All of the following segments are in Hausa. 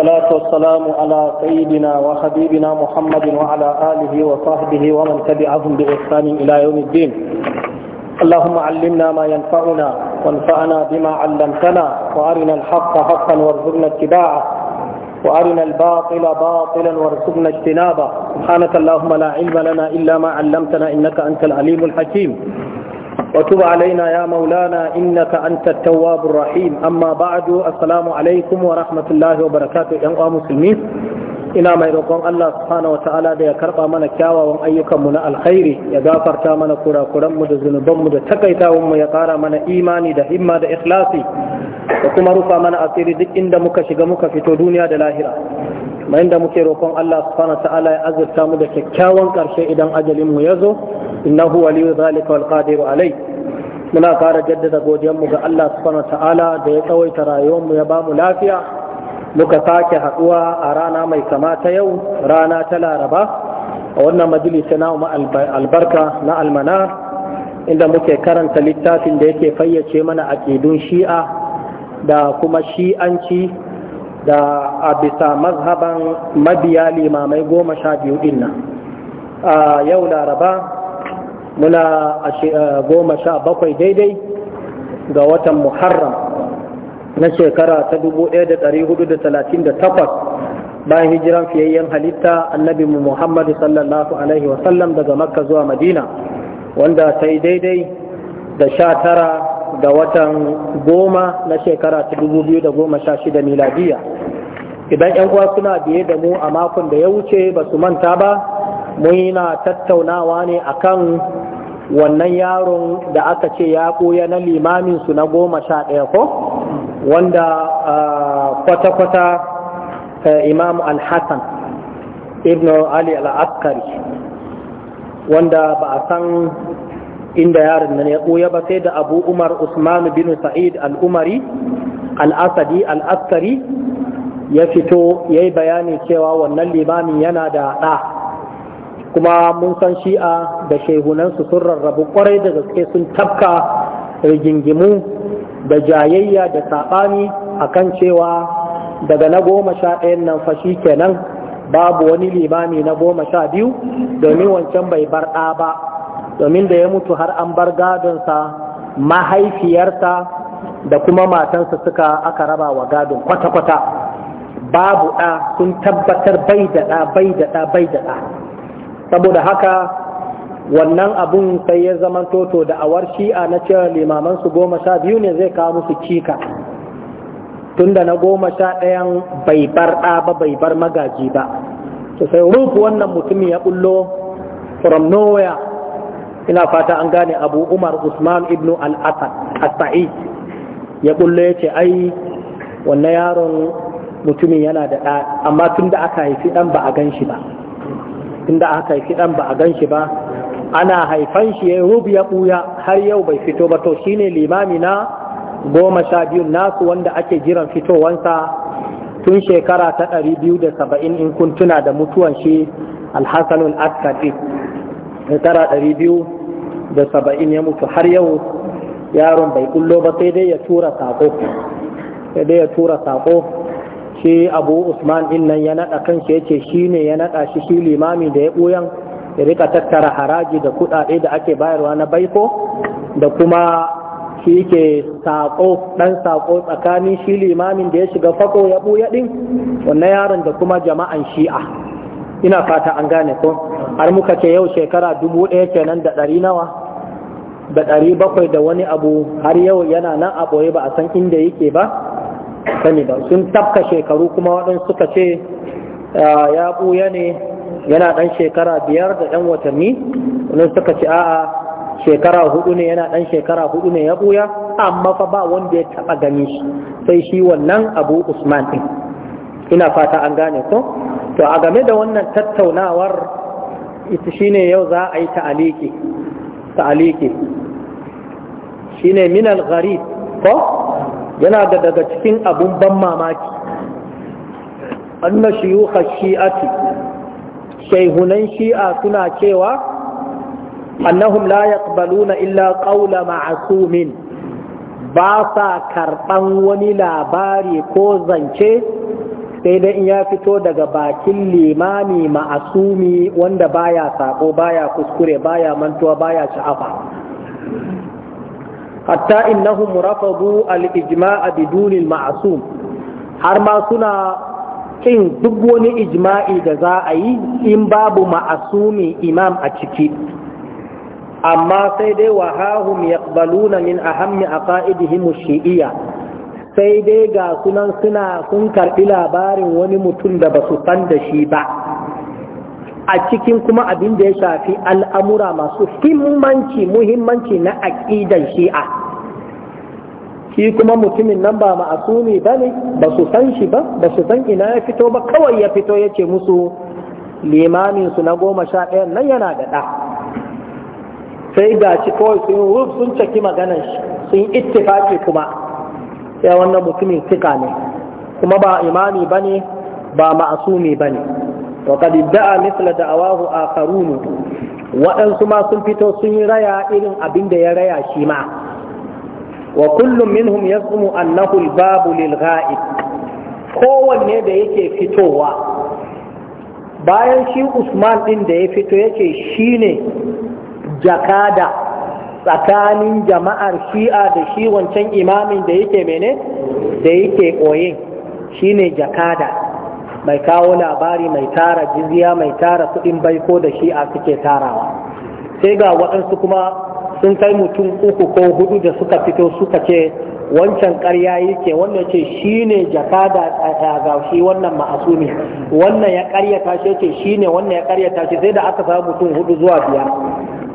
الصلاة والسلام على سيدنا وحبيبنا محمد وعلى آله وصحبه ومن تبعهم بإحسان إلى يوم الدين اللهم علمنا ما ينفعنا وانفعنا بما علمتنا وأرنا الحق حقا وارزقنا اتباعه وأرنا الباطل باطلا وارزقنا اجتنابه سبحانك اللهم لا علم لنا إلا ما علمتنا إنك أنت العليم الحكيم وتب علينا يا مولانا إنك أنت التواب الرحيم أما بعد السلام عليكم ورحمة الله yan يا musulmi ina mai roƙon Allah subhanahu wataala da ya karɓa mana kyawawan ayyukanmu na alkhairi ya gafarta mana kurakuranmu da zunubanmu da takaitawanmu ya kara mana imani da himma da ikhlasi da kuma rufa mana asiri duk inda muka shiga muka fito duniya da lahira Ma inda muke roƙon Allah subhanahu wa ta'ala ya azurta mu da kyakkyawan ƙarshe idan ajalin mu ya zo innahu waliyyu zalika wal qadiru alai muna fara jaddada godiyar mu ga Allah subhanahu wa ta'ala da ya tsawaita rayuwar mu ya ba mu lafiya muka sake haɗuwa a rana mai kama ta yau rana ta laraba a wannan majalisa na albarka na almana inda muke karanta littafin da yake fayyace mana aƙidun shi'a da kuma shi'anci da a bisa mazhaban mabiya limamai goma sha biyu din a yau laraba muna eh, goma sha bakwai daidai ga watan muharram na shekara ta 1438 bayan hijiran fiyayyen halitta annabi muhammadu sallallahu alaihi wasallam daga makka zuwa madina wanda ta yi daidai da sha tara Da watan goma na shekara ta shida miladiya idan 'yan uwa suna biye da mu a makon da ya wuce ba su manta ba mun na tattaunawa ne a kan wannan yaron da aka ce ya ɓoya na limamin su na goma sha ɗaya ko wanda kwata-kwata imam al-hassan ibn ali al-askari wanda ba a san inda yaron nan ya ɓoye ba sai da abu umar usman bin sa'id al-umari al-asadi al-askari ya fito ya yi bayani cewa wannan limamin yana da ɗa kuma mun san shi'a da su sun rarrabu kwarai da gaske sun tabka rigingimu da jayayya da saɓani a kan cewa daga na goma sha ɗayan nan fashi kenan babu wani limami na goma sha biyu domin wancan bai bar ɗa ba domin da ya mutu har an bar gadonsa mahaifiyarsa da kuma matansa suka aka raba wa gadon kwata-kwata babu ɗa sun tabbatar bai da ɗa bai da ɗa bai da ɗa saboda haka wannan abun sai ya zama toto da awar shi'a na cewa limamansu goma sha biyu ne zai kawo musu cika tunda na goma sha ɗayan bai bar ɗa ba bai bar magaji ba to sai rufu wannan mutumin ya bullo from nowhere ina fata an gane abu umar usman ibn al-asad as ya kulle ya ce ai wannan yaron mutumin yana da ɗa amma tun da aka haifi ɗan ba a gan shi ba tun da aka haifi ɗan ba a gan shi ba ana haifan shi ya rubi ya ɓuya har yau bai fito ba to shine limami na goma sha biyu nasu wanda ake jiran fitowansa tun shekara ta ɗari biyu da saba'in in kun tuna da mutuwan shi alhassanul askari shekara ɗari biyu da saba'in ya mutu har yau yaron bai kullo ba sai dai ya tura sako sai dai ya tura sako shi abu usman din nan ya naɗa kanshi ya ce shi ne ya naɗa shi shi limami da ya ɓuyan ya rika tattara haraji da kuɗaɗe da ake bayarwa na baiko da kuma shi ke sako ɗan sako tsakanin shi limamin da ya shiga fako ya ɓuya ɗin wannan yaron da kuma jama'an shi'a ina fata an gane ko har muka ce yau shekara dubu ɗaya kenan da ɗari nawa da ɗari bakwai da wani abu har yau yana nan a ɓoye ba a san inda yake ba sani ba sun tafka shekaru kuma waɗansu suka ce ah, ya ɓuya ne yana ɗan shekara biyar da ɗan watanni wani suka ce a'a shekara hudu ne yana ɗan shekara hudu ne ya ɓuya amma fa ba wanda ya taɓa gani sai shi wannan abu usman ɗin ina fata an gane ko to a game da wannan tattaunawar ita shine yau za a yi ta'aliki ta'aliki shine min al ko yana da daga cikin abun ban mamaki anna shuyukh shi'ati shaihunan shi'a suna cewa annahum la yaqbaluna illa qawla ma'sumin ba sa karban wani labari ko zance sai dai in ya fito daga bakin limami ma'asumi wanda baya sako baya kuskure baya mantuwa baya sha'afa hatta innahum rafadu al-ijma'a biduni ma'asum har ma suna kin duk wani ijma'i da za a yi in babu ma'asumi imam a ciki amma sai dai wahahum yaqbaluna min ahammi aqaidihim shi'iyya sai dai ga sunan suna sun karɓi labarin wani mutum da ba su san da shi ba a cikin kuma abin da ya shafi al'amura masu himmanci muhimmanci na aƙidan shi'a shi kuma mutumin nan ba ne ba ne ba su san shi ba ba su san ina ya fito ba kawai ya fito ya ce musu limaminsu na goma sha ɗayan nan yana da ɗa sai ga shi kawai sun caki maganan shi sun ittifaki kuma sai wannan mutumin tika ne kuma ba imami bane ba ma'asumi bane wa qad da'a awahu a akharun waɗansu ma sun fito sun yi raya irin abin da ya raya shi ma wa kullum minhum yazmu annahu babu lil kowanne da yake fitowa bayan shi usman ɗin da ya fito yake shine jakada tsakanin jama'ar shi'a da shi wancan imamin da yake mene da yake koyin shine jakada mai kawo labari mai tara jizya mai tara kudin baiko da shi'a suke tarawa sai ga waɗansu kuma sun kai mutum uku ko hudu da suka fito suka ce wancan karya yake wannan ce shi ne jakada ga shi wannan ma'asumi wannan ya karyata shi ce shi wannan ya karyata shi sai da aka samu mutum hudu zuwa biyar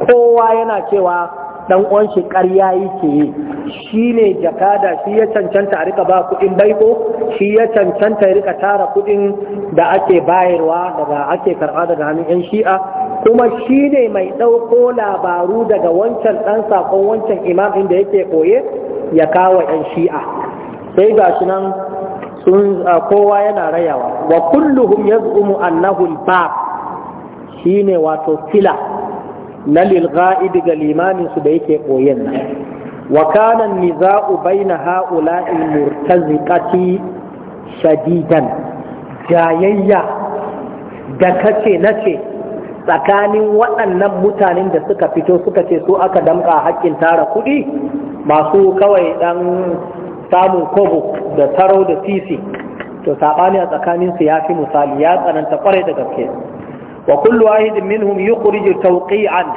kowa yana cewa dan uwan shi ƙarya yake yi shi ne jakada shi ya cancanta a rika ba kuɗin baiko shi ya cancanta ya rika tara kuɗin da ake bayarwa daga ake karɓa daga hannun yan shi'a kuma shi ne mai ɗauko labaru daga wancan ɗan saƙon wancan imam ɗin da yake koye ya kawo yan shi'a sai ga shi nan sun kowa yana rayawa wa kulluhum yaz'umu annahu al shine wato fila na lilga'idi ga limamin su da yake koyen nan wa kana niza'u baina ha'ula'i murtaziqati shadidan jayayya da kace nace tsakanin waɗannan mutanen da suka fito suka ce su aka damƙa haƙƙin tara kuɗi masu kawai ɗan samun kobo da taro da sisi to saɓani a tsakaninsu ya fi misali ya tsananta ƙwarai da gaske wa kullu wahidin minhum yukhriju tawqi'an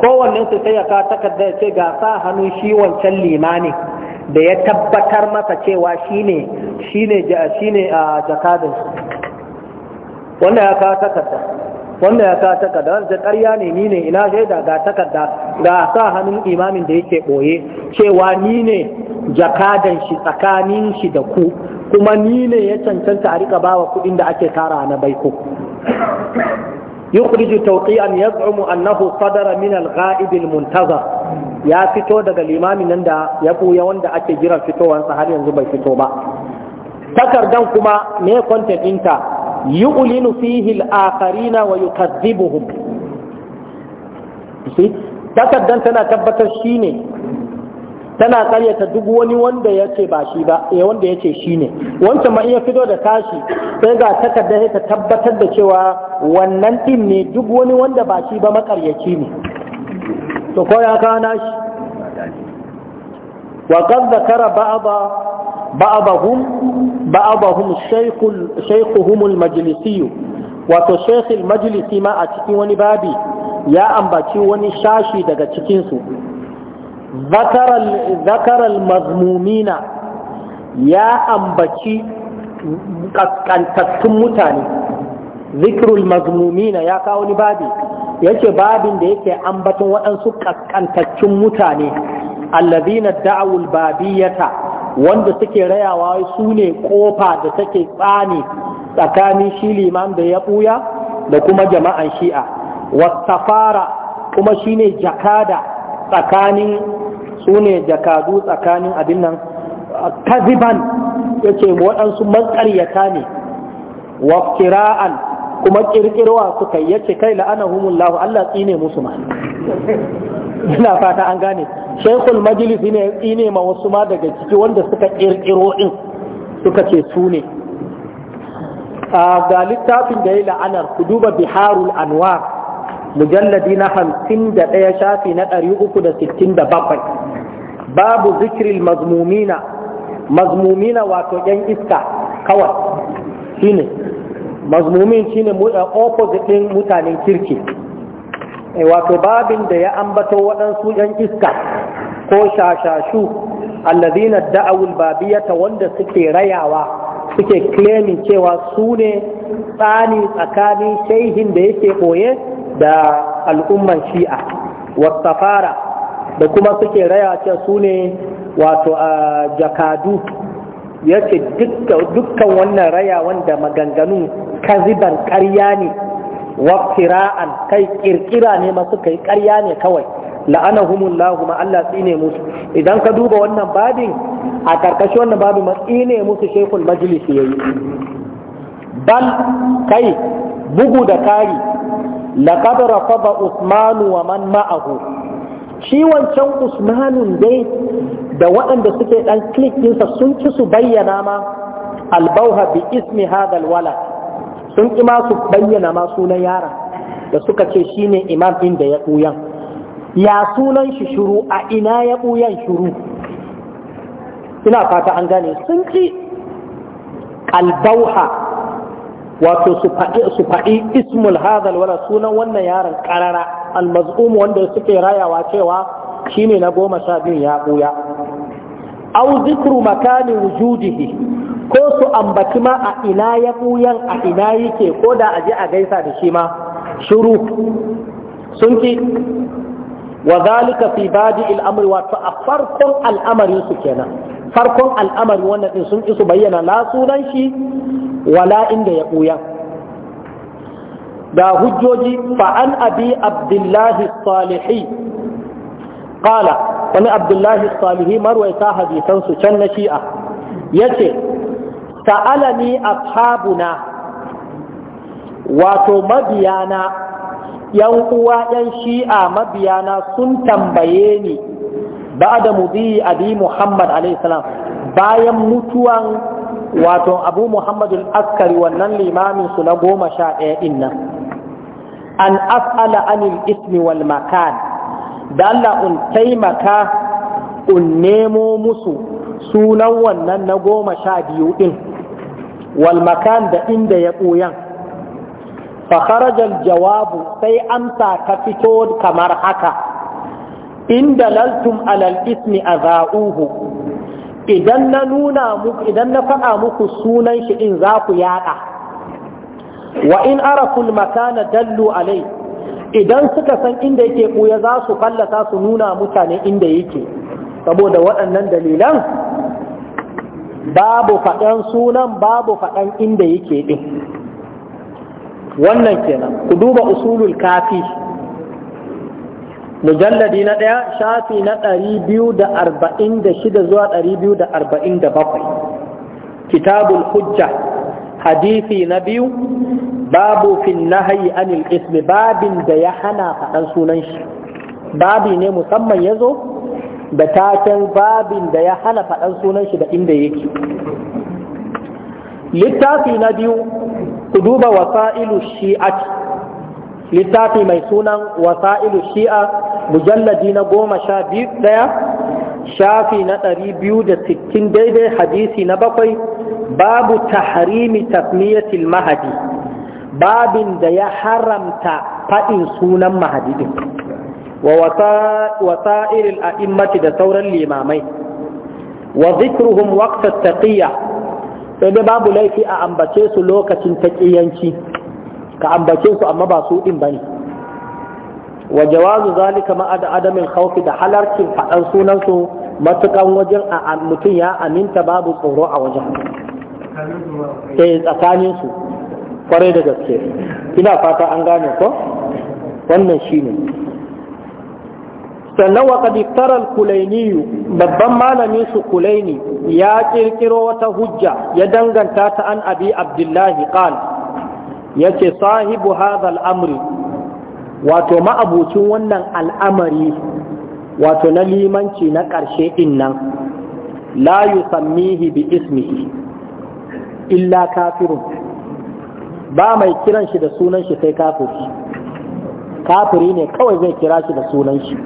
kowannen su sai ya ka takarda ya ga sa hannun shi wancan limani da ya tabbatar masa cewa shine shine shine jakadin wannan ya ka takarda wanda ya sa takarda wanda ƙarya ne ni ne ina shaida ga takarda ga sa hannun imamin da yake ɓoye cewa ni ne jakadan shi tsakanin shi da ku kuma ni ne ya cancanta a rika bawa kuɗin da ake tara na baiko yukhriju tawqi'an yaz'umu annahu sadara min al ya fito daga limamin nan da ya buya wanda ake jiran fitowansa har yanzu bai fito ba takardan kuma me content inta. yu'linu fihi al-akharina wa yukadhibuhum see tana tabbatar shine tana karyata duk wani wanda ya ce ba shi ba eh, wanda ya ce shi ne wancan ma iya fito da tashi sai ga takardar sai ta tabbatar da cewa wannan din ne duk wani wanda ba shi ba ne to ko ya kawo nashi wa zakara ba'da بعضهم بعضهم الشيخ شيخهم المجلسي wato shekul majalisi ma a cikin wani babi ya ambaci wani shashi daga cikinsu zakaral mazmumina ya ambaci ƙasƙantattun mutane zikirul mazmumina ya kawo ni babi yake babin da yake ambaton waɗansu ƙasƙantattun mutane allazina da'awul babiyata wanda suke rayawa su ne kofa da take tsani tsakanin shi liman da ya buya da kuma jama'an shi'a wasafara kuma shi ne jakada tsakanin su ne jakadu tsakanin abin nan kaziban ya ce waɗansu matsaryata ne kira'an kuma kirkirwa suka yace kai la'anahumullahu Allah tsine musu ma ina fata an gane shaykhul majlis ne tsine ma wasu ma daga ciki wanda suka kirkiro din suka ce su ne ga littafin da ya la'anar ku duba biharul anwar mujalladi na hamsin da ɗaya shafi na ɗari uku da sittin da bakwai babu zikirin mazmumina mazmumina wato ‘yan iska kawai shine mazmumin shine eh, opposite din mutanen kirki eh, wato babin da ya ambato waɗansu ‘yan iska ko shashashu allazina da'awul babiyata wanda suke rayawa suke claiming cewa su ne tsani tsakanin shaihin da yake ɓoye da al'umman shi'a fara, da kuma suke raya ce su ne wato a jakadu ya ce dukkan wannan raya wanda maganganu kaziban ƙarya ne wa fira'an kai ƙirƙira ne masu kai ƙarya ne kawai la'anahumullahu ma Allah tsine musu idan ka duba wannan babin a karkashin wannan babin ma tsine musu shekul majlisi bal kai bugu da kari laqad rafada usmanu wa man ma'ahu shi wancan usmanun dai da waɗanda suke ɗan klik ɗinsa sun ci su bayyana ma albauha bi ismi hadal wala sun ƙi su bayyana ma sunan yaron da suka ce shine imam ɗin da ya ɓuyan ya sunan shi shuru a ina ya ɓuyan shuru ina fata an gane sun ƙi albauha wato su faɗi ismul hadal wala sunan wannan yaron ƙarara almaz'um wanda suke rayawa cewa shine na goma sha biyu ya ɓuya au zikru makani wujudihi ko su ambaci ma a ina ya buyan a ina yake ko da aje a gaisa da shi ma shuru sun ki wa zalika fi badi al'amri wato a farkon al'amarin su kenan farkon al'amari wannan din sun su bayyana la sunan shi wala inda ya buya da hujjoji fa an abi abdullahi salihi qala wani abdullahi salihi marwaita hadisan su can na shi'a yace sa'alani ashabuna wato mabiyana yan uwa yan shi'a mabiyana sun tambaye ni ba da mubi abi muhammad salam bayan mutuwan wato abu muhammadul askari wannan limamin su na goma sha ɗaya ɗin nan an as'ala anil ismi wal makan da Allah un taimaka un nemo musu sunan wannan na goma sha biyu ɗin Walmakan da inda ya ɓuyan fakharajal jawabu sai amsa ta fito kamar haka inda laltum alal ismi azauhu idan na idan na faɗa muku sunan shi in za ku yaɗa wa in araful makana dallu alai idan suka san inda yake ɓuya za su fallasa su nuna mutane inda yake saboda waɗannan dalilan babu faɗan sunan babu faɗan inda yake ɗin wannan kenan ku duba usulul kafi mujalladi na ɗaya shafi na ɗari biyu da arba'in da shida zuwa ɗari biyu da arba'in da bakwai kitabul hujja hadisi na biyu babu fin nahayi anil ismi babin da ya hana faɗan sunan shi babi ne musamman ya zo da taken babin da ya hana faɗan sunan shi da inda yake littafi na biyu ku duba wasa'ilu shi'at littafi mai sunan wasa'ilu shi'a mujalladi na goma sha biyu ɗaya shafi na ɗari biyu da sittin daidai hadisi na bakwai babu tahrimi tasmiyatil mahadi babin da ya haramta faɗin sunan mahadi wa irin a'immati da sauran limamai wa zikruhum waqtat taqiyya sai dai babu laifi a ambace su lokacin taqiyanci ka ambace su amma ba su din bane wa jawazu zalika ma ada adamin khawfi da halarcin fadan sunan su matukan wajen a mutum ya aminta babu tsoro a wajen eh tsakanin su kwarai da gaske ina fata an gane ko wannan shine sannan wa kadiftaral kulainiyu babban malamin su kulaini ya kirkiro wata hujja ya danganta ta an abi abdullahi qal yace sahibu hadha amri wato ma'abucin wannan al'amari wato na limanci na ƙarshe din nan la yusammihi bi ismihi illa kafirun ba mai kiran shi da sunan shi sai kafiri kafiri ne kawai zai kira shi da sunan shi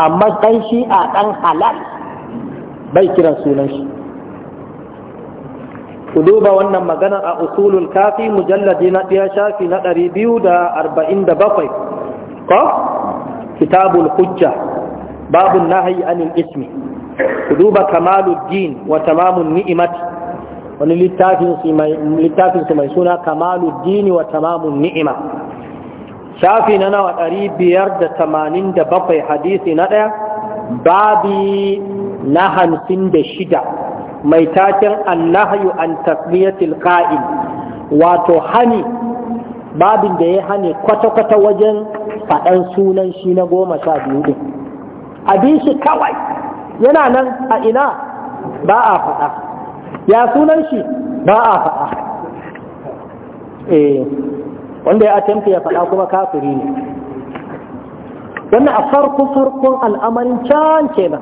amma dan shi'a dan halal bai kiran sunan shi ku duba wannan magana a usulul kafi mujalladi na ɗaya shafi na ɗari biyu da arba'in da bakwai ko kitabul hujja babun nahayi anil ismi ku duba kamaluddin wa tamamun ni'imat, wani littafin su mai suna kamaluddini wa tamamun ni'ima shafi na nawa ɗari biyar da tamanin da bakwai hadisi na ɗaya babi na hamsin da shida mai taken annahyu an tasmiyatil qa'il wato hani babin da ya hane kwata-kwata wajen faɗan sunan shi na goma sha biyu ɗin abin shi kawai yana nan a ina ba a faɗa ya sunan shi ba a faɗa eh wanda ya attempt ya faɗa kuma kafiri ne wannan a farko farkon al'amarin can kenan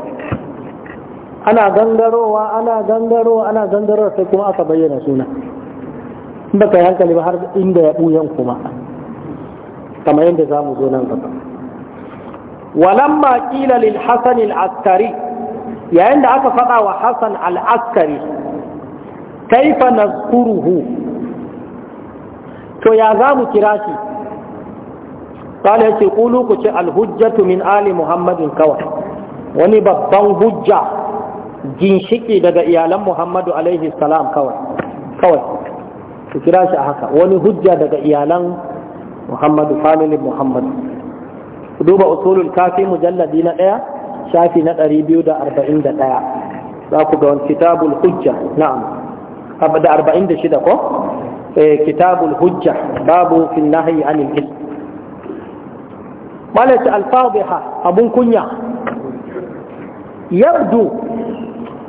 ana gangarowa ana gangarowa ana gangarowa sai kuma aka bayyana suna in ba ka hankali ba har inda ya ɓuyan kuma kamar yadda za mu zo nan gaba walamma ƙila lil hasan al-askari yayin da aka faɗa wa hasan al-askari kaifa nazkuruhu to ya za mu kira shi kala ya ce kulu ku ce alhujjatu min ali muhammadin kawai wani babban hujja ginshiki daga iyalan muhammadu alaihi salam kawai kawai ku kira shi a haka wani hujja daga iyalan muhammadu family muhammadu ku duba usulul kafi mujalladi na ɗaya shafi na ɗari biyu da arba'in da ɗaya za ku ga wani kitabul hujja na'am da arba'in da shida ko Eh, kitabul hujja babu fil nahyi anil ilm malat al-fadhiha abun kunya yardu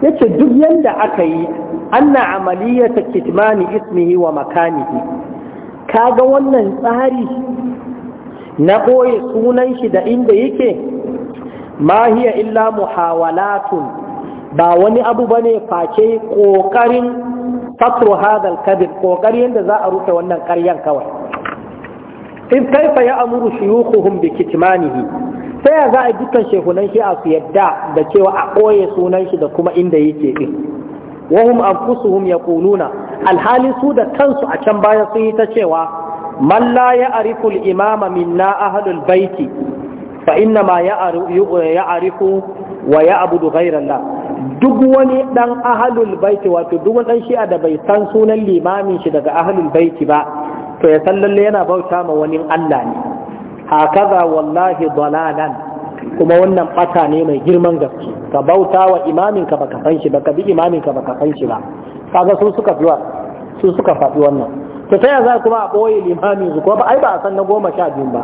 yace duk yanda aka yi anna amaliyata kitmani ismihi wa makanihi ga wannan tsari na ɓoye sunan shi da inda yake Mahiya hiya illa muhawalatun ba wani abu bane face ƙoƙarin satru hadal kadib kokari yadda za a rufe wannan ƙaryan kawai in kaifa ya amuru shuyukhuhum bi kitmanihi sai ya za a dukkan shehunan shi a su yadda da cewa a koye sunan shi da kuma inda yake wahum wa hum ya kununa, alhali su da kansu a can baya sun yi ta cewa man la ariful al-imama minna ahlul baiti fa inna ma arifu wa ya ghayra Allah duk wani ɗan ahalul baiti wato duk wani dan shi'a da bai san sunan limamin shi daga ahalul baiti ba to ya san lalle yana bauta ma wani Allah ne hakaza wallahi dalalan kuma wannan bata ne mai girman gaske ka bauta wa imamin ka baka san shi ba bi imamin ka baka san shi ba kaga su suka fi su suka faɗi wannan ta ta za kuma a ɓoye limami su kuma ba ai ba a san na goma sha biyu ba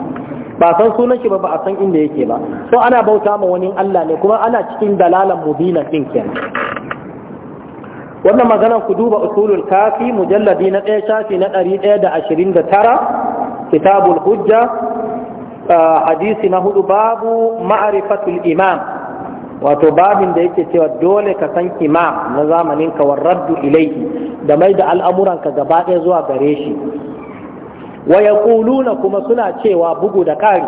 ba san sunan shi ba ba a san inda yake ba so ana bauta ma wani Allah ne kuma ana cikin dalalan mubina din kenan wannan magana ku duba usulul kafi mujalladi na ɗaya shafi na ɗari ɗaya da ashirin da tara kitabul hujja ah, hadisi na hudu babu ma'arifatul imam wato babin da yake cewa dole ka san imam na zamanin ka raddu ilaihi da mai da al'amuranka gaba ɗaya zuwa gare shi wa yaquluna kuma suna cewa bugu da ƙari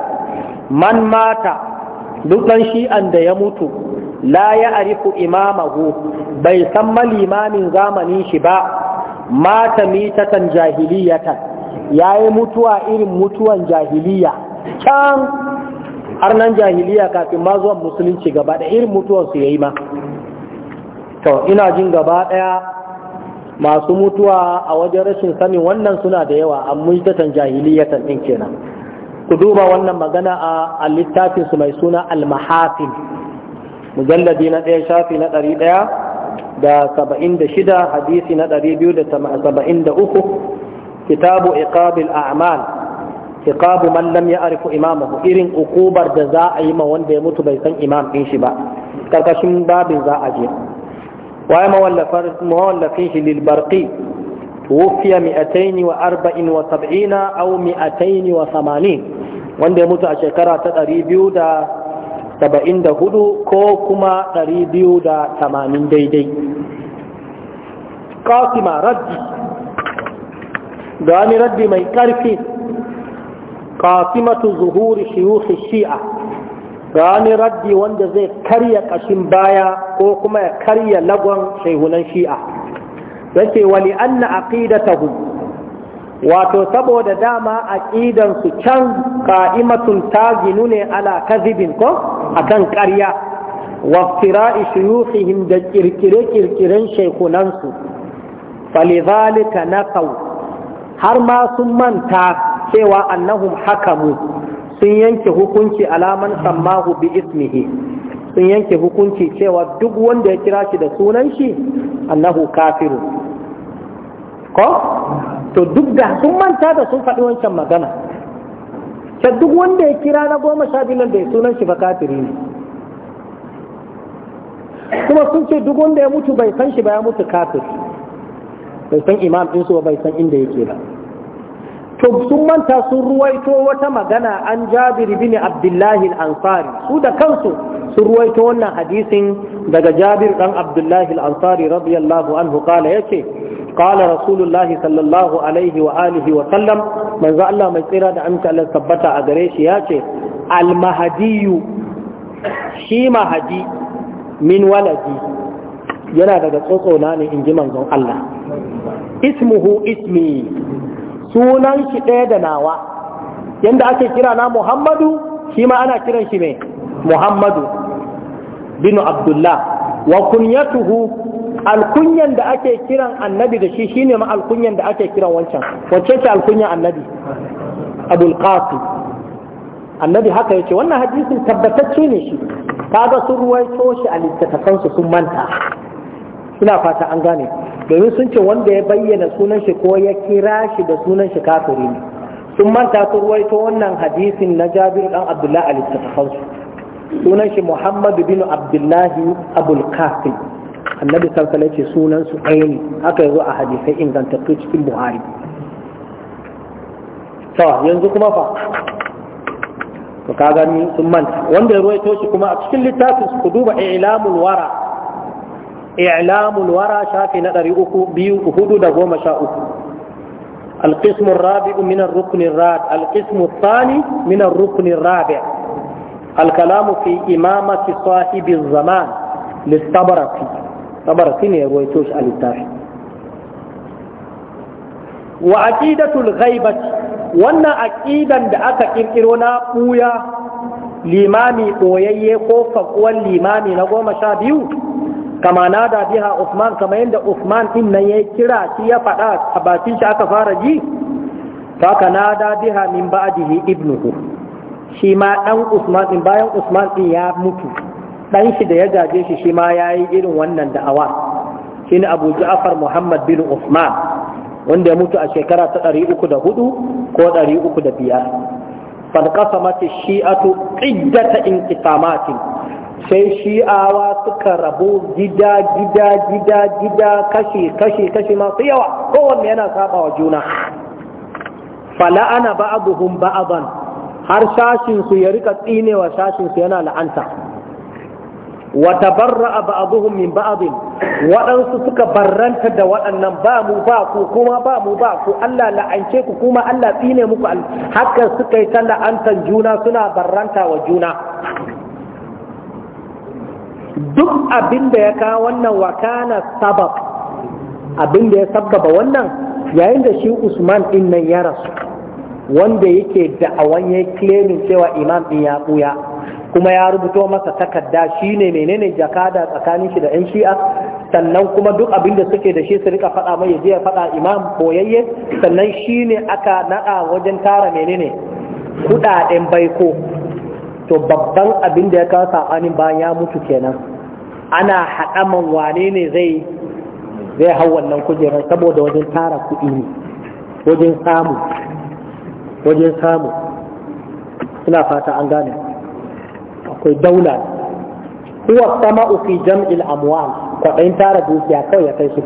man mata duk shi'an da ya mutu la ya arifu imamahu bai san malimamin zamani shi ba mata mitatan jahiliyatan ya yi mutuwa irin mutuwan jahiliya can har nan jahiliya kafin ma zuwan musulunci gaba da irin mutuwarsu ya yi ma to ina jin gaba ɗaya masu mutuwa a wajen rashin sanin wannan suna da yawa a mujtatan jahiliyatan din kenan ku duba wannan magana a littafin su mai suna al-mahafin mujalladi na ɗaya shafi na ɗari da saba'in hadisi na ɗari kitabu iqabil a'mal iqabu man lam ya'rifu imamahu irin ukubar da za yi ma wanda ya mutu bai san imam din shi ba karkashin babin za a je waye mawallafar mawallafin shi lil barqi tuwfiya 274 aw 280 wanda ya mutu a shekara ta 274 ko kuma 280 daidai da wani mai karfi qasimatu zuhuri shuyukh shi'a gani raddi wanda zai karya kashin baya ko kuma ya karya lagon shehunan shi'a yace wali anna aqidatahum wato saboda dama aqidan su can qa'imatun taginu ne ala kadhibin ko akan ƙarya wa iftira'i shuyukhihim da kirkire kirkiren shehunan su falidhalika naqaw har ma sun manta cewa annahum hakamu sun yanke hukunci alaman sammahu bi ismihi sun yanke hukunci cewa duk wanda ya kira shi da sunan shi annahu kafiru ko to duk da sun manta da sun faɗi wancan magana ta duk wanda ya kira na goma sha biyu nan da ya sunan shi ba kafiri ne kuma sun ce duk wanda ya mutu bai san shi ba ya mutu kafir bai san imam ɗinsu ba bai san inda yake ba to sun manta sun ruwaito wata magana an jabir bin abdullahi al-ansari su da kansu sun ruwaito wannan hadisin daga jabir dan abdullahi al-ansari radiyallahu anhu kala yace qala rasulullahi sallallahu alaihi wa alihi wa sallam manzo Allah mai tsira da amsa Allah tabbata a gare shi yace al-mahdiyu shi mahdi min waladi yana daga tsotsona ne inji manzon Allah ismuhu ismi sunan shi ɗaya da nawa yanda ake kira na muhammadu shi ma ana kiran shi ne muhammadu bin abdullah wa kunyatuhu alkunyan da ake kiran annabi da shi shine ma alkunyan da ake kiran wancan wacce ce alkunyan annabi abul qasim annabi haka yace wannan hadisin tabbatacce ne shi kaga sun ruwaito shi a littattafansu sun manta ina fata an gane domin sun ce wanda ya bayyana sunan shi ko ya kira shi da sunan shi kafiri ne sun manta su ruwaito wannan hadisin na jabir dan abdullahi a littattafan sunan shi muhammadu bin abdullahi abul kafin annabi sallallahu ce sunan su ɗaya ne haka yazo a hadisai ingantattu cikin buhari to yanzu kuma fa to ka gani sun manta wanda ya ruwaito shi kuma a cikin littafin ku duba i'lamul wara i'lamul wara shafi na ɗari uku biyu hudu da goma sha uku القسم الرابع من الركن الرابع القسم الثاني من الركن الرابع الكلام في إمامة صاحب الزمان للطبرسي طبرسي يرويتوش التافي وعقيدة الغيبة وانا عقيدا دعاك كيرونا قويا limami ɓoyayye ko faƙuwan limami na goma sha biyu kama nada biha Usman kama yadda Usman din nan yayi kira shi ya faɗa a bakin shi aka fara ji faka nada biha min ba'dihi ibnuhu shi ma dan Usman din bayan Usman din ya mutu dan shi da ya gaje shi shi ma yayi irin wannan da'awa shine Abu Ja'far Muhammad bin Usman wanda ya mutu a shekara ta 304 ko 305 fa qasamat shiatu iddata inqitamatin sai shi'awa suka rabu gida gida gida gida kashi kashi kashi masu yawa kowanne yana saba wa juna fala'ana ba'aduhum ba'adan har sashin su ya rika tsinewa sashin su yana la'anta wa tabarra'a ba'aduhum min ba'adin waɗansu suka barranta da waɗannan ba mu ba ku kuma ba mu ba ku Allah la'ance ku kuma Allah tsine muku haka suka yi ta la'antar juna suna barranta wa juna duk abin da ya kawo wannan wakana sabab abin da ya sababa wannan yayin da shi usman din nan ya rasu wanda yake da awan ya claiming cewa imam din ya buya kuma ya rubuto masa takarda shine menene jakada tsakanin shi da yan shi'a sannan kuma duk abin da suke da shi su rika faɗa mai yaje ya faɗa imam boyayye sannan shine aka naɗa wajen tara menene kuɗaɗen baiko to babban abin da ya kawo saɓanin ba ya mutu kenan ana haɗaman wane ne zai zai hau wannan kujerar saboda wajen tara kuɗi ne wajen samu wajen samu suna fata an gane akwai daula huwa sama'u fi jam'il amwal kwaɗayin tara dukiya kawai ya kai shi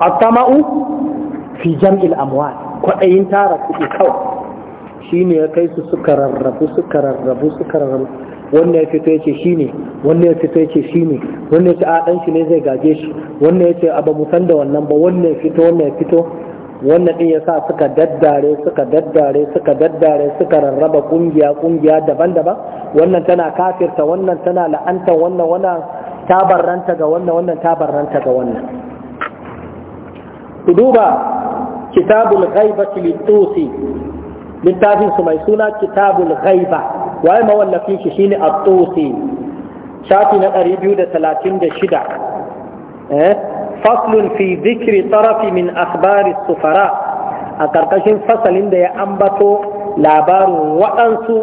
A sama'u fi jam'il amwal kwaɗayin tara kuɗi kawai ne ya kai su suka rarrabu suka rarrabu suka rarrabu wannan ya fito shi ne, wannan ya fito shi ne. wannan ce a dan shi ne zai gaje shi wannan ya ce a ba mu san da wannan ba wannan ya fito wannan ya fito wannan din sa suka daddare suka daddare suka daddare suka rarraba kungiya kungiya daban-daban wannan tana kafirta wannan tana la'anta wannan wannan tabarranta ga wannan wannan tabarranta ga wannan ku duba kitabul ghaibati lit littafin su mai suna kitabul ghaiba waye mawallafin shi shine at-tusi shafi na 236 eh faslun fi dhikri tarafi min akhbari sufara a karkashin fasalin da ya ambato labarin waɗansu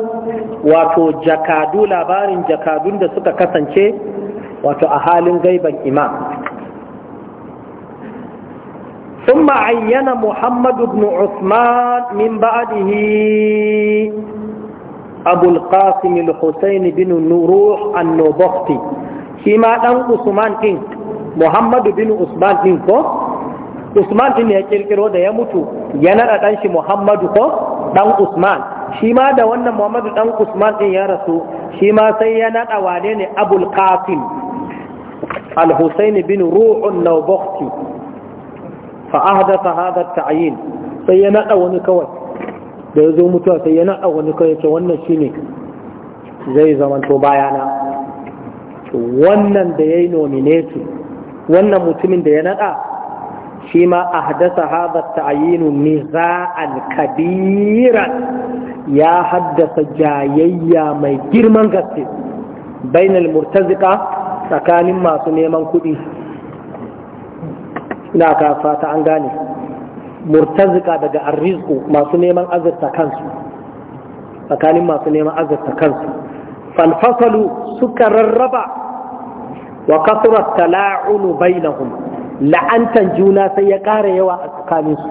wato jakadu labarin jakadun da suka kasance wato a halin gaiban imam ثم عين محمد بن عثمان من بعده أبو القاسم الحسين بن نروح النوبختي فيما أن عثمان إن محمد بن عثمان إن Usman din ya kirkiro da ya mutu ya nada dan shi Muhammadu ko dan Usman shi da wannan Muhammadu dan Usman din ya rasu shi sai ya nada wane ne Abul al bin Ruhun fa ahdatha hadha ta'yin sai ya nada wani kawai da ya zo mutuwa sai ya nada wani kawai ce wannan shine zai zamanto bayana wannan da ya yi wannan mutumin da ya nada shi ma a haddasa haɗa ta'ayinu niza'an kabiran ya haddasa jayayya mai girman gaske bainal murtazika tsakanin masu neman kuɗi ina ka fata an gane murtazika daga arrizku masu neman azurta kansu tsakanin masu neman azurta kansu fanfasalu suka rarraba wa kasurar tala'unu bainahum la'antan juna sai ya ƙara yawa a tsakaninsu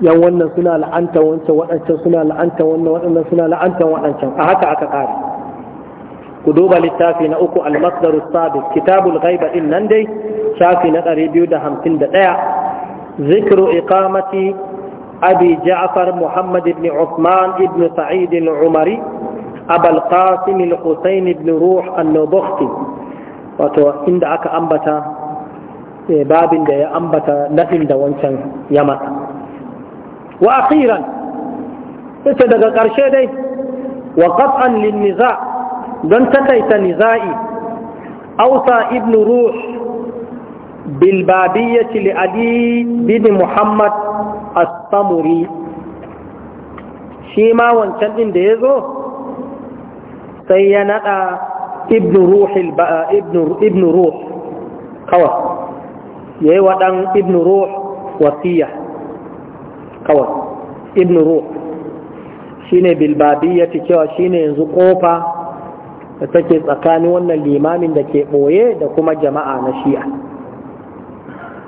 yan wannan suna la'anta wancan waɗancan suna la'anta wannan waɗannan suna la'anta waɗancan a haka aka ƙare ku duba littafi na uku almasdaru sabis kitabul ghaiba din nan dai shafi na 251 zikru iqamati abi ja'far muhammad ibn uthman ibn sa'id al-umari abal qasim al-husayn ibn ruh an-nubukhti wato inda aka ambata eh, babin da ya ambata nadin da wancan ya mata wa akhiran ita daga ƙarshe dai wa qat'an lin don takaita niza'i ausa ibn ruh bilbabiyyati li ali bin muhammad as shi ma wancan din da ya zo sai ya nada ibn ruh ibn ruh kawai ya yi waɗan ibn ruh wasiya kawai ibn ruh shi shine bilbabiyyati cewa ne yanzu ƙofa. da take tsakanin wannan limamin da ke ɓoye da kuma jama'a na shi'a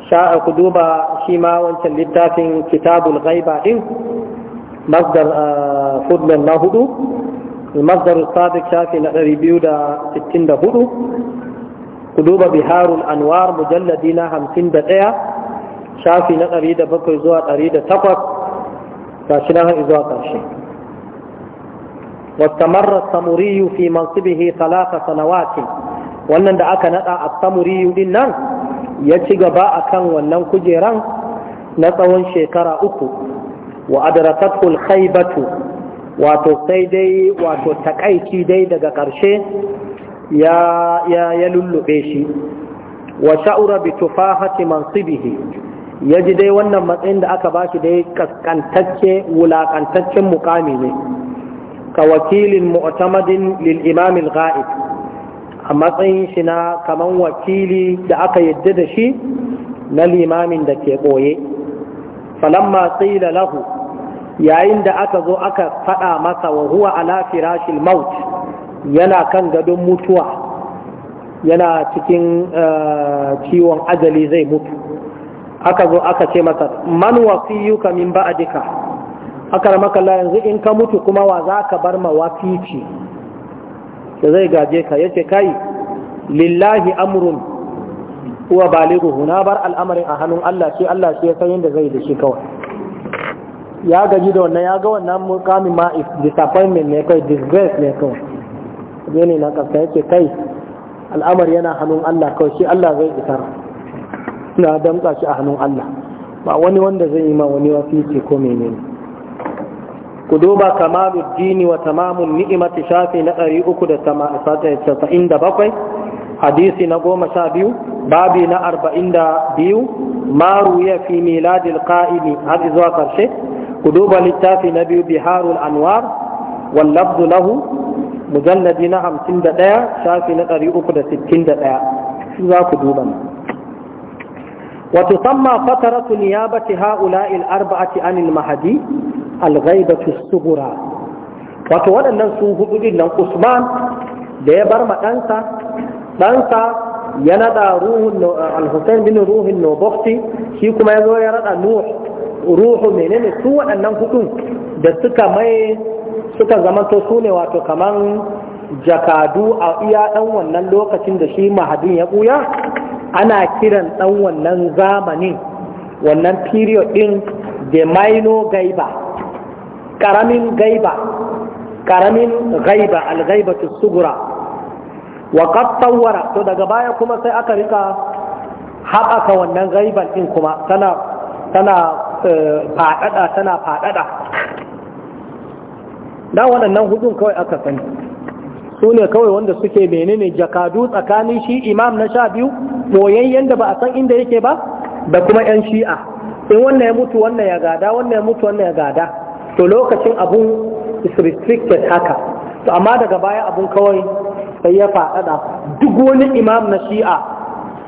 Sha'ar ku duba shi ma wancan littafin kitabul ghaiba din masdar ah, fudlan na hudu masdar sabiq shafi na 264 ku duba biharul anwar mujalladi na 51 shafi na 107 zuwa 108 gashi na har zuwa ƙarshe واستمر السمري في منصبه ثلاث سنوات wannan da aka nada a samuriyu din nan ya ci gaba a kan wannan kujeran na tsawon shekara uku wa adrakatul khaybatu wato sai dai wato takaici dai daga ƙarshe ya ya ya lullube shi wa sha'ura bi tufahati mansibihi ya dai wannan matsayin da aka bashi dai kaskantacce wulakantaccen mukami ne كوكيل معتمد للإمام الغائب أما شنا كمان وكيلي دعك يددشي للإمام دكي قوي فلما قيل له yayin da aka zo aka faɗa masa wa a ala firashil maut yana kan gadon mutuwa yana cikin ciwon ajali zai mutu aka zo aka ce masa man wasiyuka min ba'dika akaramakalla yanzu in ka mutu kuma wa za ka bar ma wafici da zai gaje ka yace kai lillahi amrun huwa balighu na bar al'amarin a hannun Allah shi Allah shi ya san yadda zai da shi kawai ya gaji da wannan ya ga wannan mukamin ma disappointment ne kai disgrace ne kawai ne ne na kasa yace kai al'amari yana hannun Allah kawai shi Allah zai isar na damtsa shi a hannun Allah ba wani wanda zai yi ma wani wafici ko menene ku duba kamaluddini wa tamamun ni'imati shafi na 397 hadisi na 12 babi na 42 maru ya fi miladil qa'imi har zuwa karshe ku duba littafi na biyu biharul anwar wal lahu mujalladi na 51 shafi na 361 za ku duba وتسمى فترة نيابة هؤلاء الأربعة عن المهدي alghaibatu sughra wato waɗannan su hudu din nan Usman da ya bar ɗansa ɗansa ya nada ruhun al-Husayn bin Ruhun Nobokti shi kuma ya zo ya rada ruhu menene su waɗannan hudun da suka mai suka zama su ne wato kaman jakadu a iya ɗan wannan lokacin da shi mahadin ya buya, ana kiran ɗan wannan zamanin wannan period ɗin da maino gaiba karamin gaiba karamin gaiba algaibatu sugura wa qattawara to daga baya kuma sai aka rika haɓaka wannan gaiban din kuma tana tana eh, faɗaɗa tana faɗaɗa da waɗannan hudun kawai aka sani su ne kawai wanda suke menene jakadu tsakanin shi imam na sha biyu boyayyen da ba a san inda yake ba da kuma 'yan shi'a in wannan ya mutu wannan ya gada wannan ya mutu wannan ya gada to lokacin abun is restricted haka to amma daga baya abun kawai sai ya faɗaɗa duk wani imam na shi'a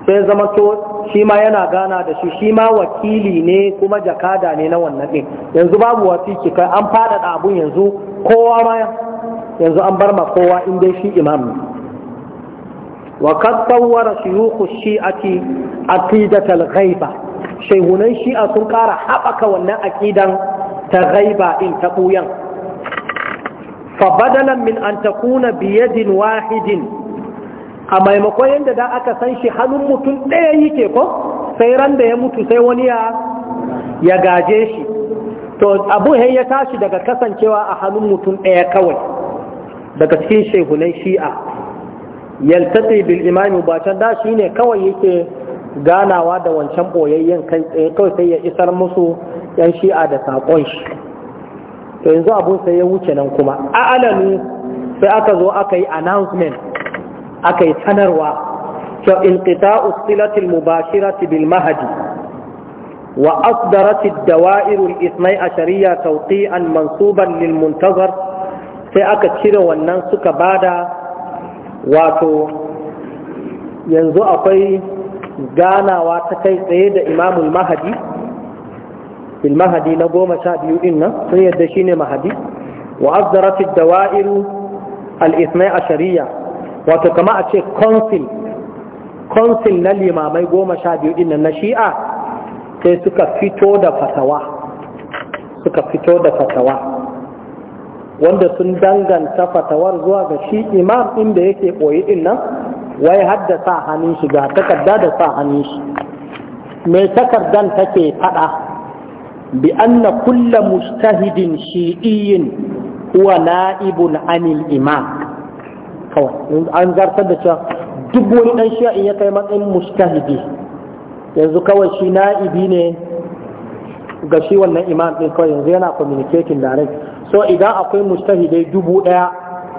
sai zama to shi ma yana gana da shi shi ma wakili ne kuma jakada ne na wannan ɗin yanzu babu wakili kai an faɗaɗa abun yanzu kowa ma yanzu an bar ma kowa in dai shi imam ne wa kad tawwara shuyukhu shi'ati al ghaiba shehunan shi'a sun ƙara haɓaka wannan aqidan ta gaiba in ta ɓuyan fabadalan min an ta kuna biyadin wahidin a maimakon yadda da aka san shi hannun mutum ɗaya yake ko sai ran da ya mutu sai wani ya gaje shi to abu ya tashi daga kasancewa a hannun mutum ɗaya kawai daga cikin shehunan shi'a yaltati bil imami ba can da shi ne kawai yake ganawa da wancan boyayyen kai tsaye kawai sai ya isar musu yan shi'a da saƙon shi to yanzu abun sai ya wuce nan kuma a alalu sai aka zo aka yi announcement aka yi sanarwa cewa inqita'u silatil mubashirati bil mahdi wa asdarat ad-dawa'ir al-ithnai an tawqi'an mansuban lil muntazar sai aka cire wannan suka bada wato yanzu akwai ganawa ta kai tsaye da imamul mahadi fil mahadi na goma sha biyu din nan yadda shi ne mahadi wa azdarat dawairu al ithnai ashariya wato kama a ce council na limamai goma sha biyu din na shi'a sai suka fito da fatawa wanda sun danganta fatawar zuwa ga shi imam inda yake koyi din wai har da sa hannun shi ga takarda da sa hannun shi mai takardan take fada bi anna kulla mustahidin shi'iyyin huwa na'ibun anil imam kawai an zartar da cewa duk wani dan shi'in ya kai matsayin mustahidi yanzu kawai shi na'ibi ne ga shi wannan imam din kawai yanzu yana communicating direct so idan akwai mustahidai dubu daya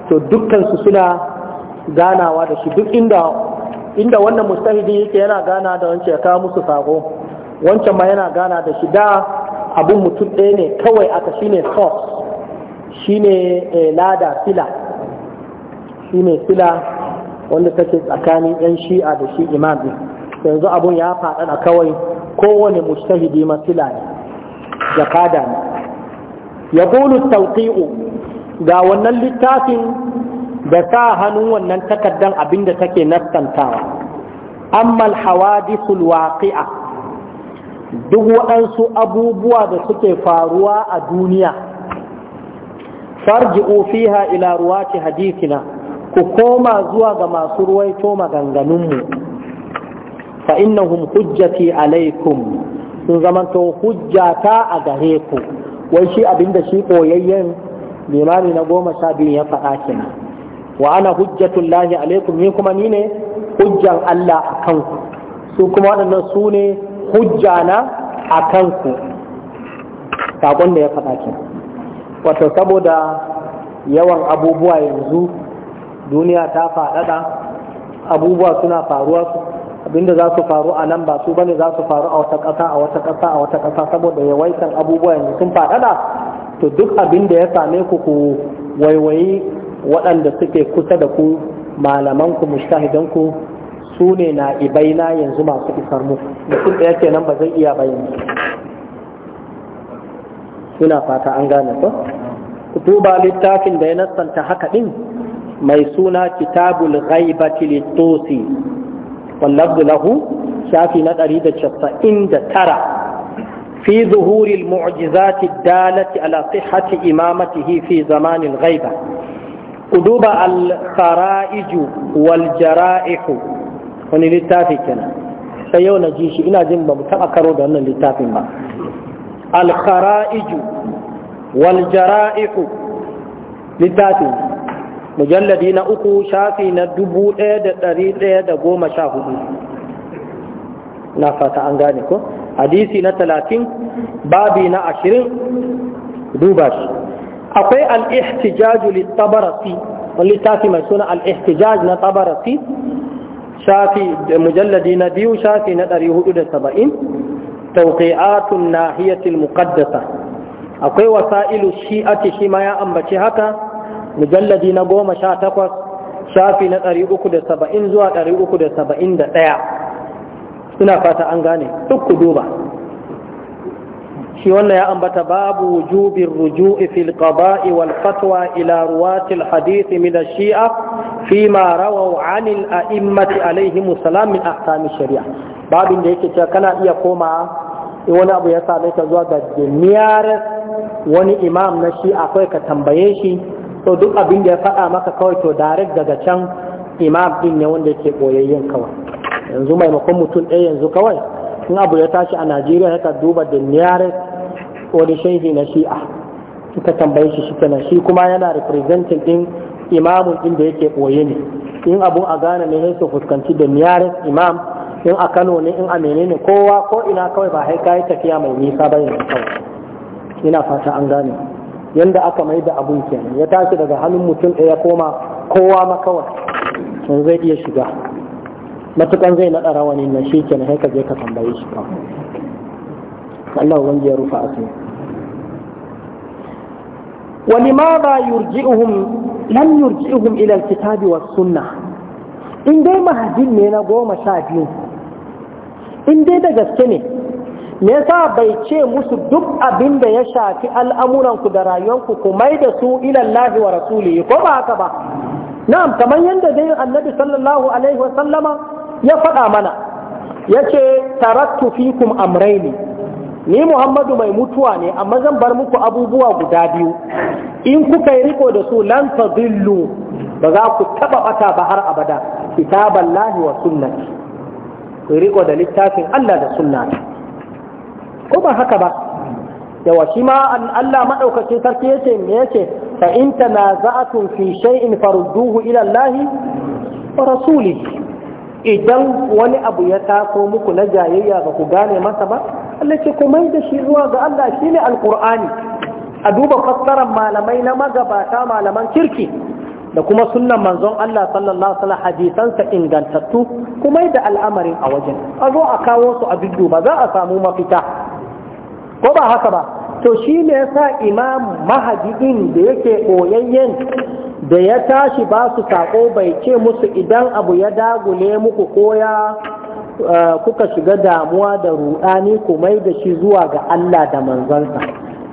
to dukkan su suna ganawa da shi duk inda inda wannan mustahidi yake yana gana da wancan ya kawo musu sako wancan ma yana gana da shi da abin mutum ɗaya ne kawai aka shine source shine eh, lada fila shine fila wanda take tsakanin yan shi'a da shi imam yanzu abun ya faɗa faɗaɗa kawai kowane mustahidi ma fila ne jakada ne ya tawqi'u ga wannan littafin da sa hannun wannan takardan da take nastantawa ammal hawadisul waqi'a duk waɗansu abubuwa da suke faruwa a duniya farji'u fiha ila ruwati hadithina ku koma zuwa ga masu ruwaito maganganunmu fa innahum hujjati alaikum sun zamanto hujjata a gare ku wai shi abinda shi koyayyen limami na goma sha biyu ya faɗa kenan wa ana lahi alaikum ni kuma ni ne hujjan Allah a kanku su kuma waɗannan su ne hujjana a kanku saƙon da ya faɗa ke wato saboda yawan abubuwa yanzu duniya ta faɗaɗa abubuwa suna faruwa abinda za su faru a nan ba su bane za su faru a wata ƙasa a wata ƙasa a wata ƙasa saboda yawaitan abubuwa yanzu sun faɗaɗa to duk abinda ya same ku ku waiwayi waɗanda suke kusa da ku malamanku mustahidanku su ne na ibaina yanzu masu isar mu mutum ɗaya ce nan ba zai iya bayan Suna fata an gane ko kutuba littafin da ya nassanta haka ɗin mai suna kitabul ghaibati litusi wallabdu lahu shafi na ɗari da casa'in da tara في ظهور المعجزات الدالة على صحة إمامته في zamanin الغيبة قدوب الخرائج والجرائح wani littafi kenan sai yau na ji shi ina jin ba mu taɓa karo da wannan littafin ba alkhara'iju wal jara'ihu littafi mujalladi na uku shafi na dubu ɗaya da ɗari ɗaya da goma sha hudu na fata an gane ko hadisi na talatin babi na ashirin duba shi akwai al-ihtijaju lit-tabarasi littafi mai suna al-ihtijaj na tabarasi shafi da mujalladi na biyu shafi na 470 tawqi'atun nahiyatil muqaddasa akwai wasailu shi'ati shi ma ya ambaci haka mujalladi na 18 shafi na 370 zuwa 371 ina fata an gane duk ku duba shi wannan ya ambata babu wujubin ruju'i fil qada'i wal fatwa ila ruwati al hadith min shi'a fi ma rawaw an al a'immati alaihim salam min ahkam shari'a babin da yake cewa kana iya koma wani abu ya same ka zuwa ga jami'ar wani imam na shi'a kai ka tambaye shi to duk abin da ya faɗa maka kawai to direct daga can imam din ne wanda yake boyayyen kawai yanzu maimakon mutum ɗaya yanzu kawai in abu ya tashi a najeriya ya duba da nearest wani shaihi na shi'a suka tambaye shi shi kenan shi kuma yana representing din imamun din da yake ɓoye ne in abun a gane ne su fuskanci da nearest imam in a kano ne in a menene kowa ko ina kawai ba hai kai tafiya mai nisa ba yanzu kawai ina fata an gane yanda aka mai da abun kenan ya tashi daga hannun mutum ɗaya koma kowa makawar sun zai iya shiga matukan zai naɗa rawanin na shi kenan sai ka je ka tambaye shi kawai Allah wanda ya rufa asu ولماذا يرجئهم لم يرجئهم kitabi الكتاب والسنة in dai mahajin ne na goma sha biyu in dai da gaske ne me yasa bai ce musu duk abin da ya shafi al'amuranku da rayuwanku ku mai da su ilallahi wa rasuli ko ba haka ba na'am kamar yadda dai annabi sallallahu alaihi wa sallama ya faɗa mana ya ce tarattu fikum amraini ni Muhammadu mai mutuwa ne amma zan bar muku abubuwa guda biyu in kuka yi riko da su lan tadillu ba za ku taba bata ba har abada kitaballahi wa sunnati ku riko da littafin Allah da sunnati. ko ba haka ba yawa shi ma Allah madaukakin sarki yace me yace fa in tanaza'atun fi shay'in farudduhu ila Allah wa rasulihi idan wani abu ya taso muku na jayayya ba ku gane masa ba Allah ce ku mai da shi zuwa ga Allah shine Alkur'ani a duba fassarar malamai na magabata malaman kirki da kuma sunnan manzon Allah sallallahu alaihi wasallam hadisansa ingantattu kuma da al'amarin a wajen a zo a kawo su a biddu ba za a samu mafita ko ba haka ba to shi ne sa imam mahadin da yake koyayyen da ya tashi ba su sako bai ce musu idan abu ya dagule muku koya eh, kuka shiga damuwa da ruɗani ku mai da shi zuwa ga Allah da manzansa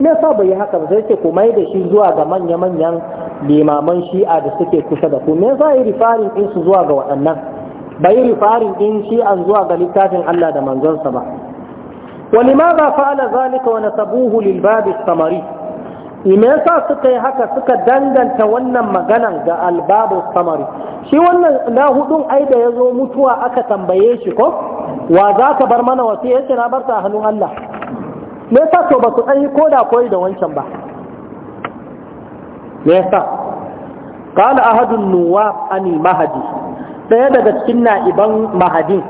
me sa bai haka ba sai ce ku mai da shi zuwa ga manya-manyan limaman shi'a da suke kusa da ku me yasa yi rifarin din su zuwa ga waɗannan bai rifarin din shi'an zuwa ga littafin Allah da manzansa ba ولماذا فعل ذلك ونسبوه للباب الثمري me suka yi haka suka danganta wannan maganan ga albabu samari shi wannan na hudun ai da ya zo mutuwa aka tambaye shi ko wa za ka bar mana wasu yace na bar ta hannun Allah me yasa to ba su ɗan ko da koyi da wancan ba me yasa qala ahadun nuwab ani mahadi daya daga cikin na'iban mahadin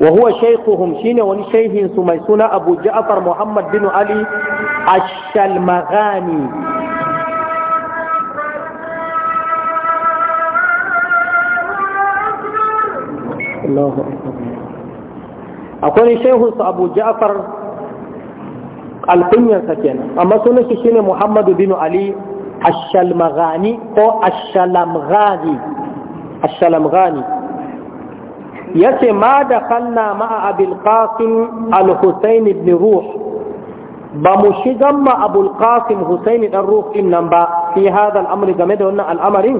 وهو شيخهم شين ونشيخ سميسون أبو جعفر محمد بن علي الشلمغاني الله أكبر أقول شيخ أبو جعفر القنية سكينة أما سنك شين محمد بن علي الشلمغاني أو الشلمغاني الشلمغاني yace ma da kanna ma'a abul qasim al hussaini ibn ruh ba mu shigan ma abul husaini hussaini dan ruh din nan ba fi hada al'amari game da wannan al'amarin